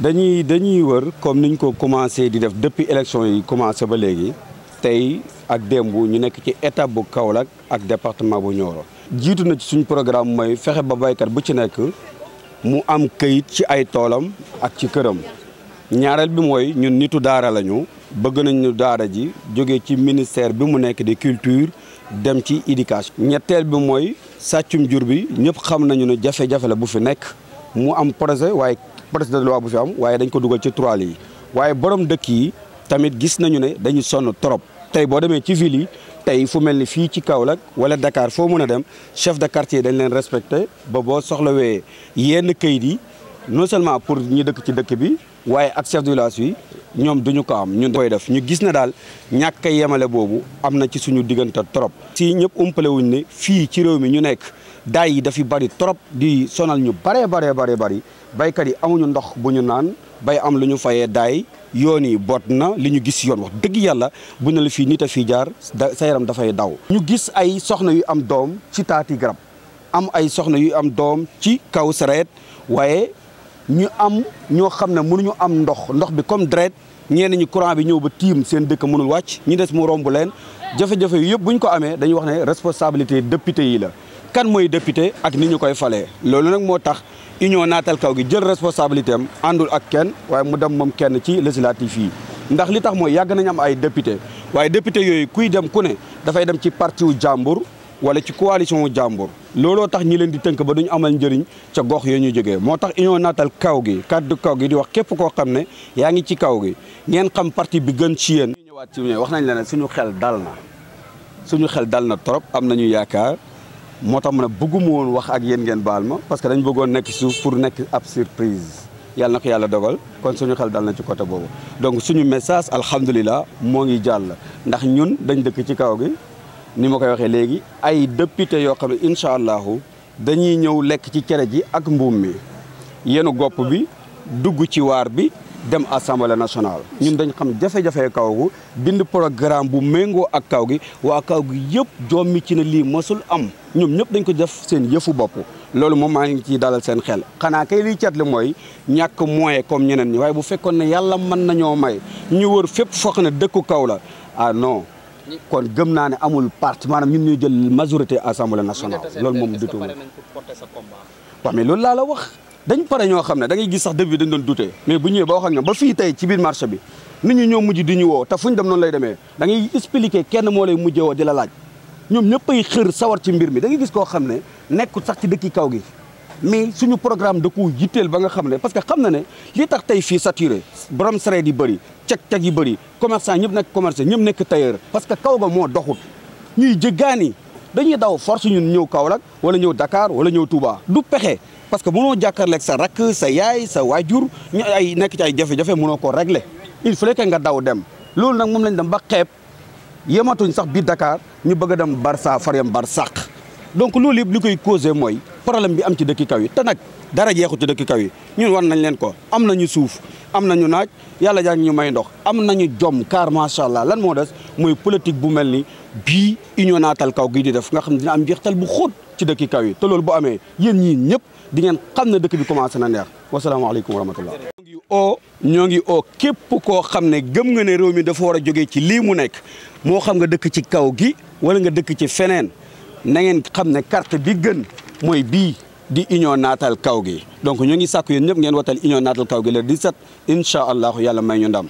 dañuy dañuy wër comme niñ ko commencé di def depuis élection yi commencé ba léegi tey ak démb ñu nekk ci étape bu Kaolack ak département bu Nioro jiitu na ci suñ programme mooy fexe ba baykat bu ci nekk mu am këyit ci ay toolam ak ci këram ñaareel bi mooy ñun nitu daara lañu bëgg nañu daara ji jóge ci ministère bi mu nekk di culture dem ci éducation ñetteel bi mooy sàccum jur bi ñëpp xam nañu ne jafe-jafe la bu fi nekk mu am projet waaye projet de loi bu fi am waaye dañ ko dugal ci trois yi waaye borom dëkk yi tamit gis nañu ne dañu sonn trop tey boo demee ci ville yi tey fu mel ni fii ci Kaolack wala Dakar foo mën a dem chef de quartier dañ leen respecte ba boo soxlawee yenn kayit yi non seulement pour ñi dëkk ci dëkk bi waaye ak chef de village yi ñoom duñu ko am ñun koy def ñu gis na daal ñàkk yemale boobu am na ci suñu diggante trop si ñëpp umpale wuñ ne fii ci réew mi ñu nekk daay yi dafi bari trop di sonal ñu baree baree baree bari baykat yi amuñu ndox bu ñu naan bay am lu ñu fayee daay yoon yi boot na li ñu gis yoon wax dëgg yàlla bu ne fii nit a fii jaar sa yaram dafay daw ñu gis ay soxna yu am doom ci taati garab am ay soxna yuy am doom ci kaw sareet waaye ñu am ñoo xam ne mënuñu am ndox ndox bi comme deret ñenn ñi courant bi ñëw ba tiim seen dëkk mënul wàcc ñu des mu romb leen jafe-jafe yu yëpp bu ñu ko amee dañuy wax ne responsabilité député yi la kan mooy député ak ni ñu koy falee loolu nag moo tax union naatal kaw gi jël responsabilité am àndul ak kenn waaye mu dem moom kenn ci législatif yi ndax li tax mooy yàgg nañu am ay député waaye député yooyu kuy dem ku ne dafay dem ci parti wu jàmbur wala ci coalition wu jàmbur looloo tax ñi leen di tënk ba duñ amal njëriñ ca gox ya ñu jógee moo tax union naatal kaw gi kàddu kaw gi di wax képp koo xam ne yaa ngi ci kaw gi ngeen xam parti bi gën ci yéen. ñu ñëwaat ci wax nañ la suñu xel suñu xel trop am nañu yaakaar moo tax mu woon wax ak yéen ngeen baal parce que dañ bëggoon nekk suuf pour ab surprise na ko dogal kon suñu xel dalna na ci côté boobu donc suñu message alhamdulilah moo ngi jàll ndax ñun dañ dëkk ci kaw gi. ni ma koy waxee léegi ay député yoo xam ne incha allahu dañuy ñëw lekk ci cere ji ak mbuum mi yenu gopp bi dugg ci waar bi dem assemblée nationale ñun dañu xam jafe-jafe kaw gu bind programme bu méngoo ak kaw gi waa kaw gi yëpp jommi ci ne lii mosul am ñoom ñëpp dañ ko def seen yëfu bopp loolu moom maa ngi ciy dalal seen xel xanaa kay liy catli mooy ñàkk moyen comme ñeneen ñi waaye bu fekkoon ne yàlla mën nañoo may ñu wër fépp foog ne dëkku kaw la ah kon gëm naa ne amul parti maanaam ñun ñuy jël majorité assemblée nationale loolu moom dutu waaw mais loolu laa la wax dañ pare ñoo xam ne da ngay gis sax début dañ doon dutee mais bu ñëwee ba wax ak ñoom ba fii tey ci biir marché bi nit ñi ñoo mujj di ñu woo te fuñ dem noonu lay demee da ngay expliquer kenn moo lay mujjee woo di la laaj ñoom ñëpp ay xër sawar ci mbir mi danga ngay gis koo xam ne nekk sax ci dëkki kaw gi mais suñu programme da ko yitteel ba nga xam ne parce que xam na ne li tax tey fii saturé borom sareet yi bëri cag-cag yi bëri commerçant ñëpp nekk commerçant ñëpp nekk tailleur parce que kaw ga moo doxut ñuy jëggaani dañuy daw force ñun ñëw Kaolack wala ñëw dakaar wala ñëw Touba du pexe parce que mënoo jàkkaarleeg sa rakk sa yaay sa waajur ñu ay nekk ci ay jafe-jafe mënoo ko régler il fallait que nga daw dem loolu nag moom lañ dem ba xeeb yematuñ sax biir dakaar ñu bëgg a dem Barça far yam Barsàq donc loolu yëpp li koy causé mooy problème bi am ci dëkki kaw yi te nag dara jeexu ci dëkki kaw ñun war nañ leen ko am nañu suuf am nañu naaj yàlla jàng ñu may ndox am nañu jom car macha allah lan moo des mooy politique bu mel ni bii union naatal kaw gi di def nga xam ne dina am njeexital bu xóot ci dëkki yi te loolu amee yéen ñii ñëpp di ngeen xam ne dëkk bi commencé na neex wasalaamaaleykum wa rahmatullah ñoo ngi oo ñoo ngi oo képp koo xam ne gëm nga ne réew mi dafa war a jógee ci lii mu nekk moo xam nga dëkk ci kaw gi wala nga dëkk ci feneen na ngeen xam ne carte bi gën mooy bii di union naatal kaw gi donc ñu ngi sàkku yéen ñëpp ngeen watal union naatal kaw gi di set incha allahu yàlla may ñu ndam